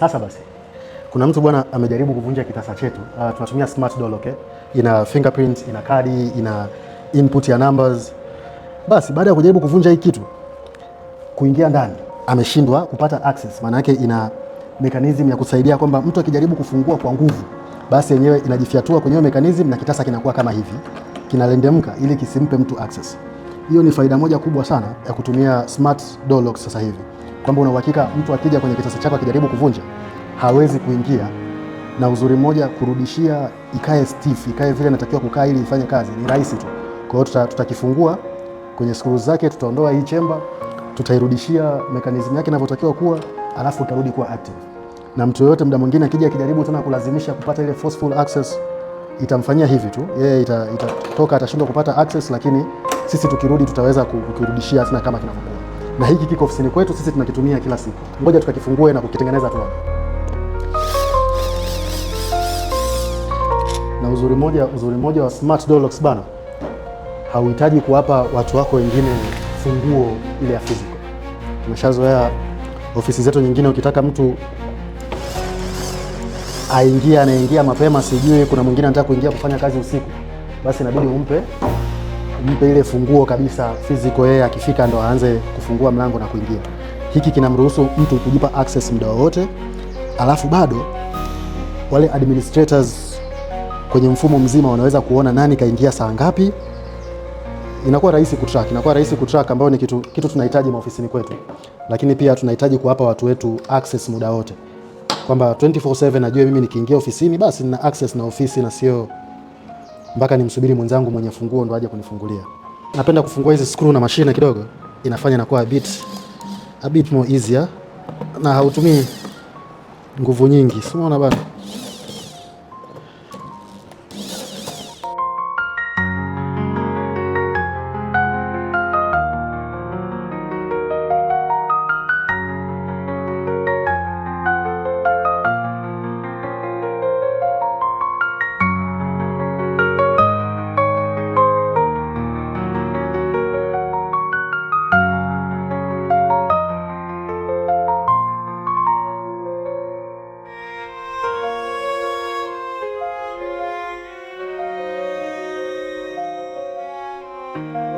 Sasa basi kuna mtu bwana amejaribu kuvunja kitasa chetu. Uh, tunatumia smart door lock okay? Ina fingerprint, ina kadi, ina input ya numbers. Basi baada ya kujaribu kuvunja hii kitu, kuingia ndani ameshindwa kupata access. Maana yake ina mekanizmu ya kusaidia kwamba mtu akijaribu kufungua kwa nguvu, basi yenyewe inajifyatua kwenye mekanizmu na kitasa kinakuwa kama hivi, kinalendemka ili kisimpe mtu access. Hiyo ni faida moja kubwa sana ya kutumia smart door lock sasa hivi kwamba una uhakika mtu akija kwenye kisasa chako akijaribu kuvunja hawezi kuingia. Na uzuri mmoja, kurudishia ikae stiff, ikae vile inatakiwa kukaa ili ifanye kazi ni rahisi tu. Kwa hiyo tuta, tutakifungua kwenye skuru zake, tutaondoa hii chemba, tutairudishia mekanizimu yake inavyotakiwa kuwa, alafu utarudi kuwa active. Na mtu yoyote muda mwingine akija akijaribu tena kulazimisha kupata ile forceful access itamfanyia hivi tu yeye, yeah, itatoka ita, atashindwa kupata access, lakini sisi tukirudi tutaweza kukirudishia tena kama kinavyokuwa na hiki kiko ofisini kwetu, sisi tunakitumia kila siku. Ngoja tukakifungue na kukitengeneza tu. Na uzuri moja, uzuri moja wa smart door locks bana, hauhitaji kuwapa watu wako wengine funguo ile ya physical. Tumeshazoea ofisi zetu nyingine, ukitaka mtu aingia, anaingia mapema, sijui kuna mwingine anataka kuingia kufanya kazi usiku, basi inabidi umpe mpe ile funguo kabisa physical, yeye akifika ndo aanze kufungua mlango na kuingia. Hiki kinamruhusu mtu kujipa access muda wowote, alafu bado wale administrators kwenye mfumo mzima wanaweza kuona nani kaingia saa ngapi. Inakuwa rahisi kutrack, inakuwa rahisi kutrack, ambayo ni kitu, kitu tunahitaji maofisini kwetu, lakini pia tunahitaji kuwapa watu wetu access muda wote, kwamba 24/7 najue mimi nikiingia ofisini basi nina access na ofisi na sio mpaka nimsubiri mwenzangu mwenye funguo ndo aje kunifungulia. Napenda kufungua hizi screw na mashine kidogo, inafanya inakuwa a bit a bit more easier na hautumii nguvu nyingi, si unaona bana. Música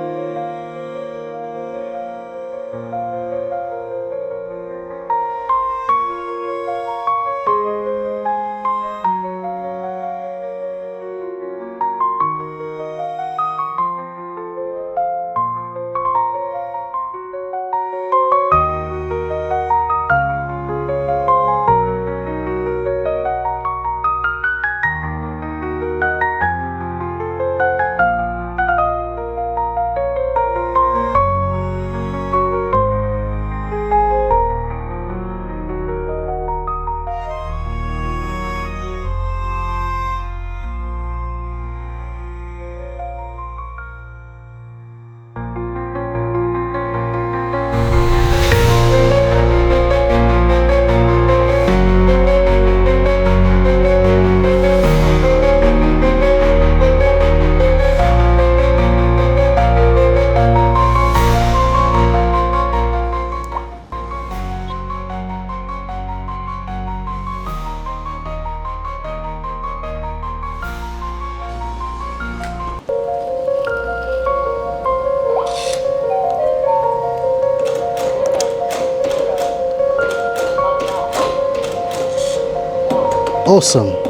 awesome.